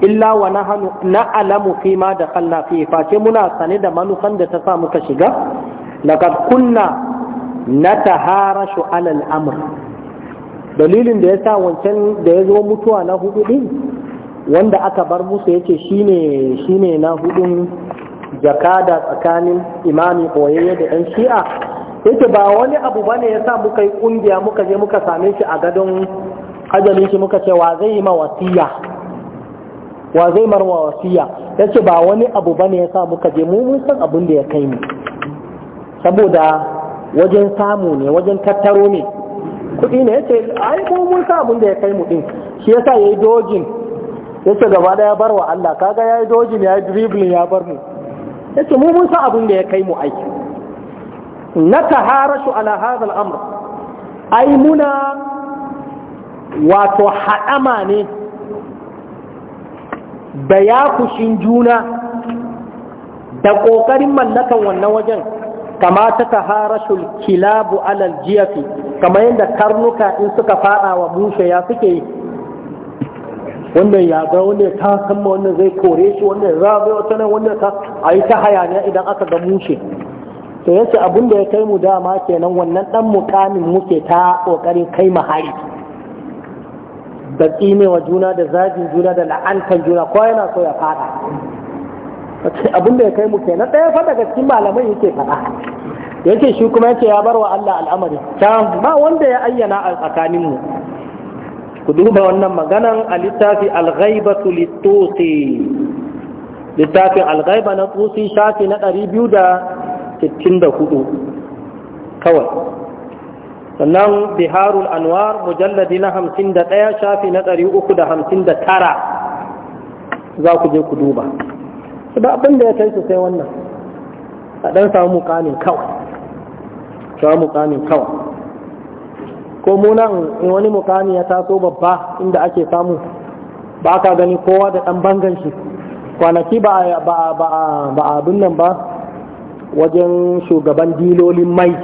illa wa na alamu fi ma da kanna fi face muna sane da manufan da ta sa muka shiga laqad kunna nataharashu ala alal amr dalilin da ya sa wancan da ya zo mutuwa na hudu ɗin wanda aka bar musu yace shine shine na hudun jakada tsakanin imami koyayye da yan shi'a yake ba wani abu bane sa muka yi kungiya muka je muka same shi a gadon ajalin shi muka ce wa zai yi ma wasiya wa zai marwa wasiya ce ba wani abu bane sa muka je mun san abin da ya kai mu saboda wajen samu ne wajen tattaro ne kuɗi ne ya ce ai ko mun san abin da ya kai mu din shi ya yi dojin ce gaba bar wa Allah kaga yi dojin yi dribbling ya bar mu yace mu mun san abin da ya kai mu aiki na taharashu ala hadha al-amr ai muna wato haɗama ne da yakushin juna da ƙoƙarin mallakan wannan wajen kama ta taharashul kilabu alal jiyafi kamar yadda karnuka in suka faɗa wa mushe ya suke wannan ya ga wannan ta san ma wannan zai kore shi wannan za bai wata nan wannan ta a yi ta hayaniya idan aka ga mushe to yace abin ya kai mu dama kenan wannan dan mukamin muke ta kokarin kai mu hari da wa juna da zagin juna da la'antar juna ko yana so ya fada ce da ya kai mu kenan ɗaya fa daga cikin malamai yake faɗa yake shi kuma yake ya bar wa Allah al'amari ba wanda ya ayyana a tsakaninmu ku duba wannan maganan a littafi alghaibatu littusi littafin alghaiba na tusi shafi na 264 kawai sannan biharul anwar mujalladi na 51 shafi na 359 za ku je ku duba su da abin da ya kai su sai wannan a ɗan samu mukamin kawai samu kawai ko munan in wani mukami ya taso babba inda ake samu ba ka gani kowa da ɗan bangan kwanaki ba a abin nan ba wajen shugaban dilolin mai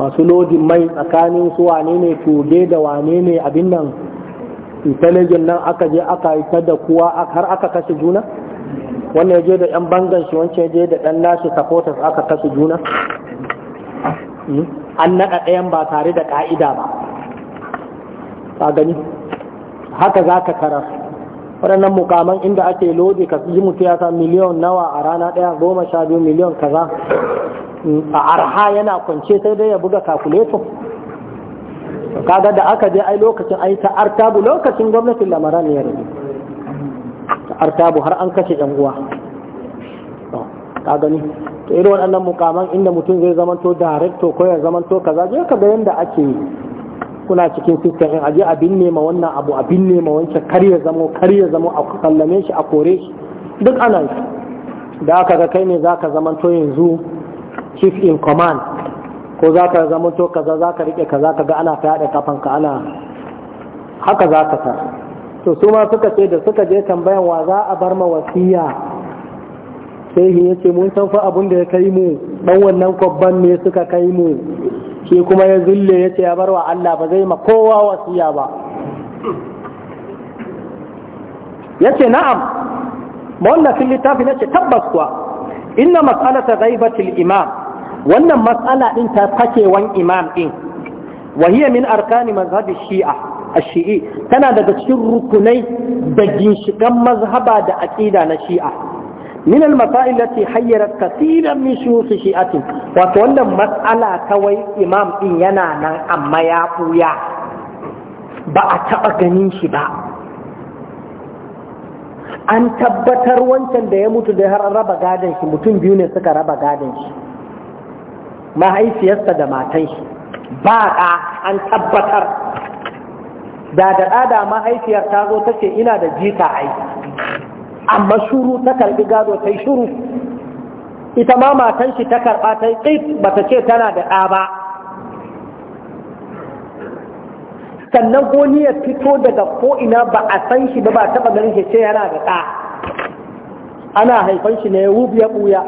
masu lodin mai tsakanin su wane ne tuge da wane ne abin nan intelligent nan aka je aka yi ta da kuwa har aka kashe juna wannan ya je da yan bangan shi wancan je da ɗan nashi supporters aka kashe juna an naɗa ɗayan ba tare da ƙa'ida ba ta gani haka za ka karar waɗannan mukaman inda ake lodi ka ji mutu ya miliyon nawa a rana ɗaya goma sha biyu miliyon kaza a arha yana kwance sai dai ya buga kakuleto kaga da aka je ai lokacin ai ta artabu lokacin gwamnatin lamaran ya rage ta artabu har an kashe yan uwa ka gani to irin waɗannan mukaman inda mutum zai zamanto director ko ya zamanto kaza je ka ga yanda ake kuna cikin system in aje abin nema wannan abu abin nema wancan kar ya zamo kar ya zamo a kallame shi a kore shi duk ana da aka ga kai ne zaka zamanto yanzu chief in command ko zaka zamanto kaza zaka rike kaza kaga ana kafan ka ana haka zaka ta to su ma suka ce da suka je tambayan wa za a bar ma wasiya sai ya ce mun san fa abin da ya kai mu dan wannan kwabban ne suka kai mu shi kuma ya zille ya ce ya bar wa Allah ba zai ma kowa wasiya ba ya ce na'am mawallafin littafi na ce tabbas kuwa inna mas'alata ghaibatil imam wannan mas'ala din ta fakewan imam din wa hiya min arkani mazhabi shi'a ash-shi'i tana daga cikin rukunai da ginshikan mazhaba da aqida na shi'a min al-masail lati hayyarat kaseeran min shuyukh shi'ati wato wannan matsala kawai imam din yana nan amma ya buya ba a taba ganin shi ba an tabbatar wancan da ya mutu da har raba gadon shi mutum biyu ne suka raba gadon shi mahaifiyarsa da matan ba ɗa an tabbatar da da ɗa mahaifiyar ta zo ta ce ina da jita aiki amma shuru ta karbi gado ta yi shuru ita ma matan shi ta karba ta yi ba ta ce tana da ɗa ba sannan ko ya fito daga ko'ina ba a san shi ba ba taɓa ganin shi ce yana da ɗa ana haifan shi ne ya ɓuya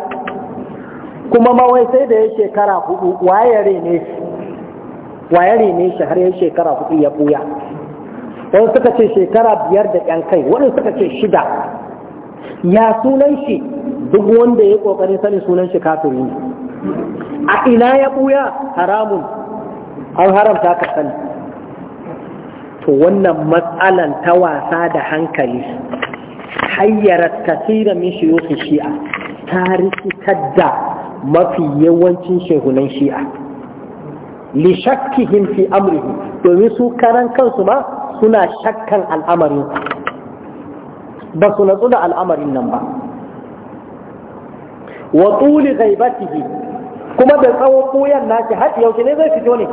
kuma mawai sai da ya shekara hudu wayare ne shi wayare ne shi har ya shekara hudu ya ɓuya wani suka ce shekara biyar da ƴan kai wani suka ce shida ya sunan shi duk wanda ya kokarin sanin sunan shi kafiri ne a ina ya buya haramun an haramta ka sani to wannan matsalan ta wasa da hankali hayyarar kasira min shiyukin shi'a ta rikitar da mafi yawancin shehunan shi'a li shakkihim fi amrihi domin su karan kansu ma suna shakkan al'amarin ba su natsu da al'amarin nan ba wa tuli ghaibatihi kuma da tsawo koyan nashi har yaushe ne zai fito ne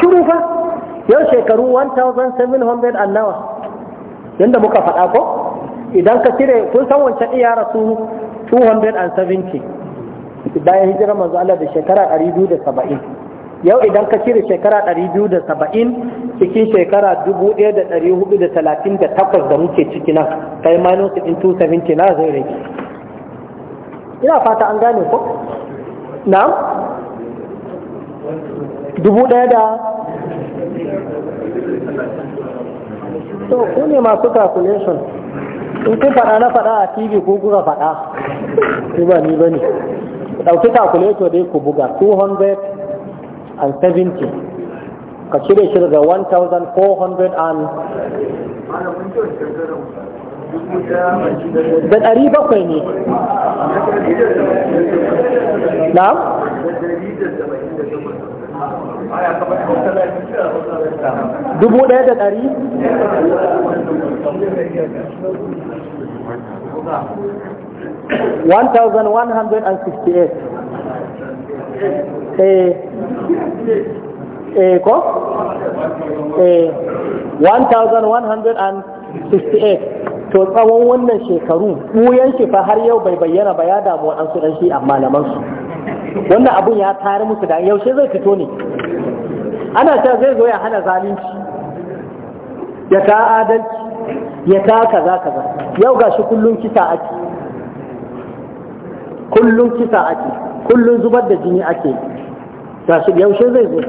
shiru fa yau shekaru 1700 an nawa yanda muka faɗa ko idan ka cire kun san wancan iya rasu 270 bayan hijira manzo Allah da shekara 270 yau idan ka cire shekara 270 cikin shekara 1438 da muke ciki nan kai minus in 270 na zai rage ina fata an gane ko na 1000 so ku ne masu calculation in kun fada na fada a tv ko kuka fada ni ba ni ba ne ɗauki calculator dai ku buga 200 1,470 ka cire shi daga 1,400 da ɗari bakwai ne na'am dubu ɗaya da ɗari one thousand one hundred and sixty eight Eh. Eh, ko eh, to tsawon wannan shekaru buyan shi fa har yau bai bayyana ba ya damu waɗansu dan shi amma malamansu wannan abun ya tare musu da yaushe zai fito ne ana cewa zai zo ya hana zalunci ya ta adalci ya ta kaza kaza yau gashi kullum kisa ake kullum kisa ake kullum zubar da jini ake gashi yaushe zai zo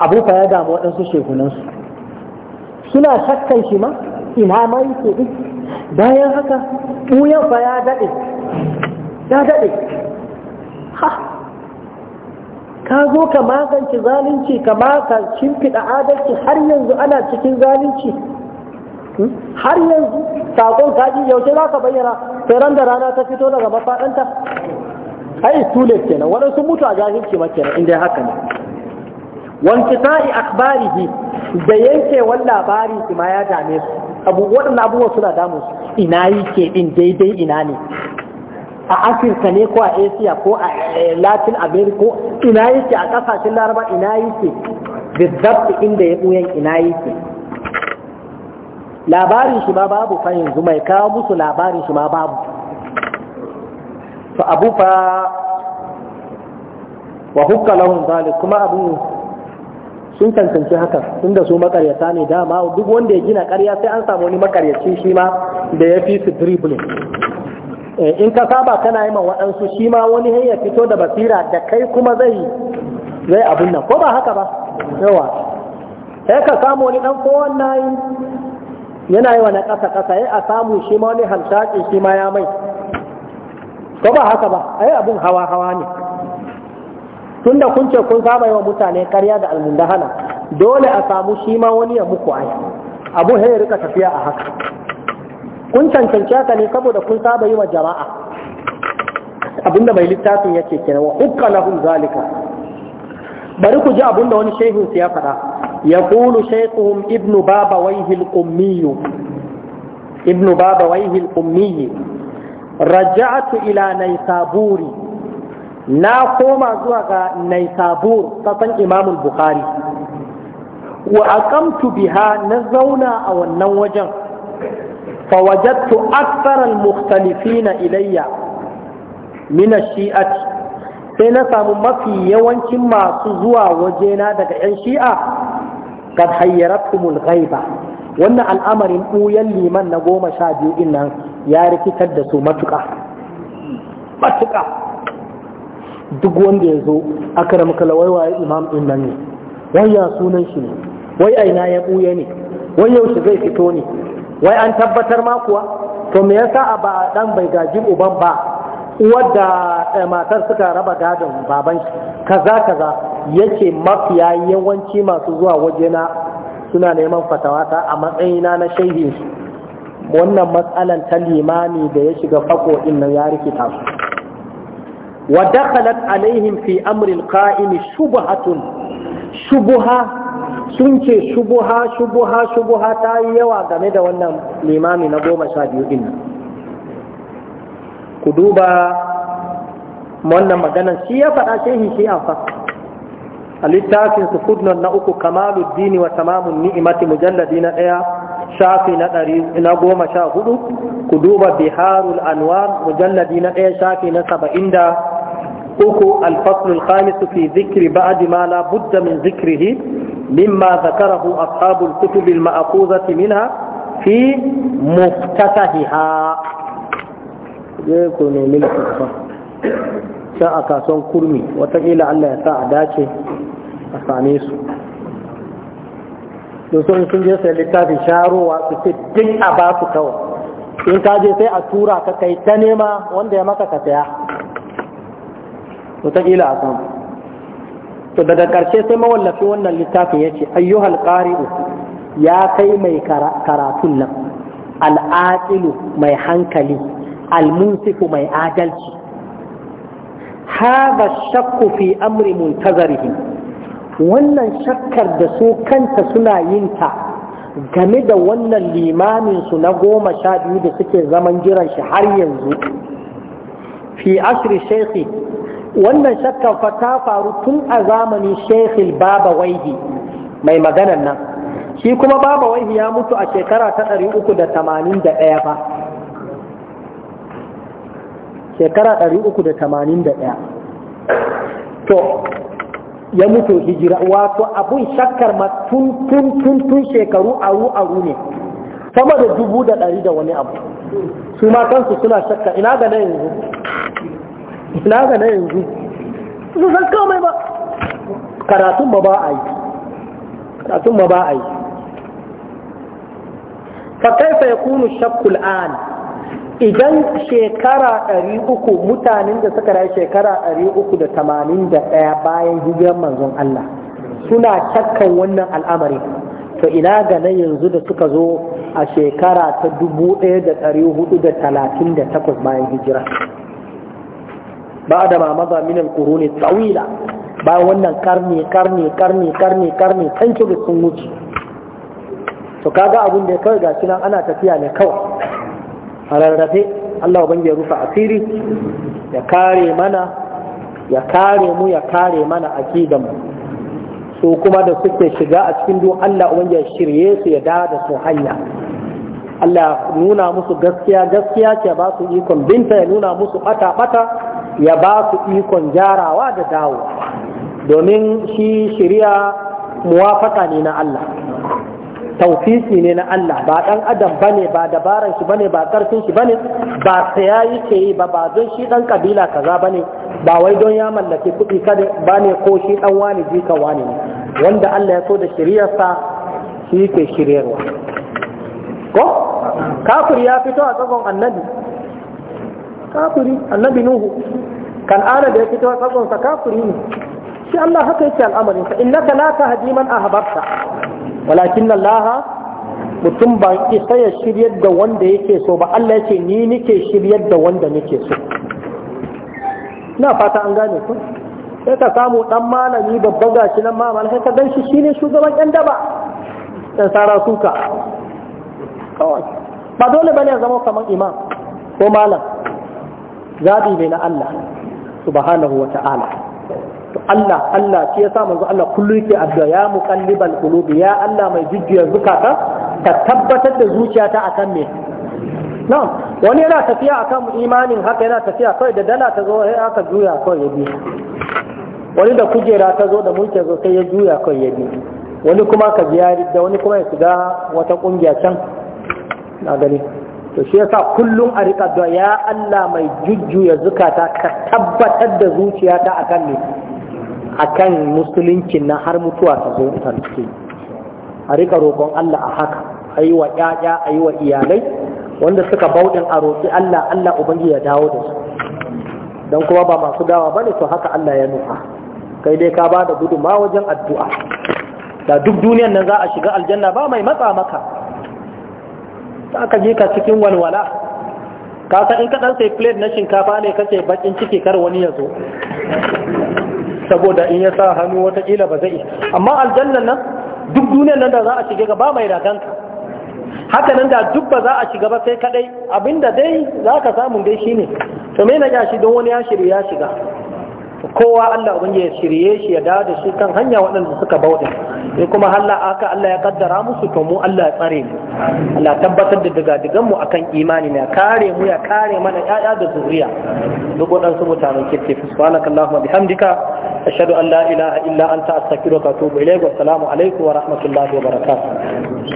abu ya damu waɗansu shekunansu suna shakkan shi ma ina ke yake duk bayan haka ɓuyan fa ya daɗe ya daɗe ha ka zo ka magance zalunci ka maka shimfiɗa adalci har yanzu ana cikin zalunci hmm? har yanzu sakon kaji yaushe za ka bayyana sai ran da rana ta fito daga mafaɗanta ai su kenan wani sun mutu a jahilci ma kenan inda haka ne wanki sa'i akbarihi da yankewar labarin shi ma ya dame su abu wadannan abubuwa suna damu su ina yake din daidai ina ne a afirka ne ko a asia ko a eh, latin america ko ina yake a ƙasashen laraba ina yake bizzabta inda ya ɓuyan ina yake labarin shi ma babu fa yanzu mai kawo musu labarin shi ma babu Fa abu fa wa hukka lahum zalik kuma abu sun tantance haka tunda su makaryata ne dama duk wanda ya gina karya sai an samu wani makaryaci shi ma da ya fi su dribbling eh, in ka saba kana yi ma waɗansu shi ma wani ya fito da basira da kai kuma zai zai abin nan ko ba haka ba yawa sai ka samu wani ɗan ko wannan yana yi wa na ƙasa ƙasa ya a samu shi ma wani hamshaƙi shi ma ya mai ko ba haka ba ai abun hawa hawa ne tunda kun ce kun saba yawa mutane karya da almundahana dole a samu shi ma wani ya muku ai abu ya rika tafiya a haka kun cancanci haka ne saboda kun saba yi wa jama'a abinda mai littafin yake kenan wa hukka lahum zalika bari ku ji abinda wani shehun ya faɗa yaqulu shaykhuhum ibnu baba wayhi al-ummi ibnu baba wayhi al raja'atu ila naisaburi na koma zuwa ga naisabur kasan imamul bukhari wa aqamtu biha na zauna a wannan wajen fa wajadtu akthar al mukhtalifina ilayya min shi'ati sai na samu mafi yawancin masu zuwa wajena daga 'yan shi'a kad hayyaratumul ghaiba wannan al'amarin ɓuyan liman na goma sha biyu din nan ya rikitar da su matuƙa matuƙa duk wanda ya zo aka ramka lawaiwa imam in nan ne wai ya sunan shi ne wai aina ya ɓuya ne wai yaushe zai fito ne wai an tabbatar ma kuwa to me yasa a ba dan bai gaji uban ba uwar da eh, matar suka raba gadon baban shi kaza kaza yake mafiya yawanci masu zuwa wajena suna neman fatawata a matsayina na shaihin su wannan matsalan ta limami da ya shiga fako din nan ya rikita su wa dakhalat alaihim fi amri alqa'im shubhatun shubha sun ce shubha shubha shubha ta yi yawa game da wannan limami na goma sha biyu din ku duba wannan maganan shi ya faɗa shehi shi an fasa a littafin su kudnon na uku kamalu dini wa tamamun ni'imati mujalladi na ɗaya shafi na ɗari na goma sha hudu ku duba biharul anwar mujalladi na ɗaya shafi na saba'in da uku alfaslul khamisu fi zikri ba'di ma la budda min zikrihi mimma zakarahu ashabul kutubil ma'khuzati minha fi muftatahiha je ku ne can a kasuwan kurmi watakila Allah ya sa a dace a same su domin sun je sai littafin sharowa su ce duk a ba su kawai in ka je sai a tura ka kai ta nema wanda ya maka ka saya watakila a samu to daga ƙarshe sai mawallafi wannan littafin ya ce ayyuhal ƙari'u ya kai mai karatun nan al'aƙilu mai hankali almunsifu mai adalci haɗa shakku fi amri muntazarihim wannan shakkar da su kanta suna yin ta game da wannan limamin su na goma sha biyu da suke zaman jiran shi har yanzu fi ashirin shekhi wannan shakkar fa ta faru tun a zamanin shekhil baba waihi mai maganan nan shi kuma baba waihi ya mutu a shekara ta ɗaya ba shekara 381 to ya mutu hijira wato abun shakkar ma tun tun tun tun shekaru aru aru ne sama da dubu da ɗari da wani abu su ma kansu suna shakka ina ga na yanzu ina ga na yanzu su san mai ba karatun ba ba a yi karatun ba ba a yi fa kaifa yakunu shakkul an idan shekara ɗari uku mutanen da suka rayu shekara ɗari uku da tamanin da ɗaya bayan hijiran manzon Allah suna cakkan wannan al'amari to ina ga na yanzu da suka zo a shekara ta dubu ɗaya da ɗari da talatin da takwas bayan hijira ba da mamaza min alƙuruni tsawila bayan wannan karni karni karni karni karni century sun wuce to kaga abin da ya kawai ga nan ana tafiya ne kawai a rarrafe Allah ubangi ya rufa asiri ya kare mana ya kare mu ya kare mana akidan mu su kuma da suke shiga a cikin duk Allah ubangi ya shirye su ya da su hanya Allah nuna musu gaskiya gaskiya ce ba su ikon binta ya nuna musu bata bata ya ba su ikon jarawa da dawo domin shi shirya muwafaka ne na Allah tawfiki ne na Allah ba dan adam bane ba dabaran shi bane ba karfin shi bane ba saya yake yi ba ba don shi dan kabila kaza bane ba wai don ya mallaki kuɗi kada bane ko shi dan wani jika wani ne wanda Allah ya so da shiriyarsa shi yake shiryarwa ko kafir ya fito a tsagon annabi kafiri annabi nuhu kan ana da ya fito a tsagon sa kafiri ne shi Allah haka yake al'amarin sa innaka la tahdi man ahbabta walakin laha mutum ba isa ya shiryar da wanda yake so ba Allah yake ni nike shiryar da wanda nike so ina fata an gane ku sai ka samu dan malami babban gashi nan ma malaka ka dan shi shine shugaban yan daba dan sara suka kawai ba dole bane ya zama kamar imam ko malam zabi ne na Allah subhanahu wa ta'ala to Allah Allah shi yasa manzo Allah kullu yake addu'a ya muqallibal qulubi ya Allah mai jujjuya zukata ta tabbatar da zuciyata akan me na wani yana tafiya akan imanin haka yana tafiya kai da dala ta zo sai aka juya kai ya bi wani da kujera ta zo da mulki zo sai ya juya kai ya bi wani kuma ka biya da wani kuma ya shiga wata kungiya can na gani to shi yasa kullum a riƙa da ya Allah mai jujjuya zukata ka tabbatar da zuciyata akan ne a kan musuluncin na har mutuwa ta zo ta rike a rika roƙon Allah a haka a yi wa ƴaƴa a yi wa iyalai wanda suka bauɗin a roƙi Allah Allah ubangi ya dawo da su don kuma ba masu dawa bane to haka Allah ya nufa kai dai ka ba da guduma wajen addu'a da duk duniyan nan za a shiga aljanna ba mai matsa maka za ka je ka cikin walwala ka in ka dan sai plate na shinkafa ne kace bakin ciki kar wani ya zo saboda in ya sa hannu watakila ba zai yi. amma aljannan nan duk duniyan nan da za a shiga ba mai raganka haka nan da duk ba za a shiga ba sai kadai abinda dai za ka samu dai shine to me na shi don wani ya shirya ya shiga kowa Allah ubangi ya shirye shi ya da shi kan hanya waɗanda suka bauɗe ne kuma halla aka Allah ya kaddara musu to mu Allah ya tsare mu Allah tabbatar da daga digan mu akan imani na kare mu ya kare mana ƴaƴa da zuriya duk waɗansu mutanen kirki allahumma bihamdika ashhadu an la ilaha illa anta astaghfiruka wa atubu ilaik wa assalamu alaikum wa rahmatullahi wa barakatuh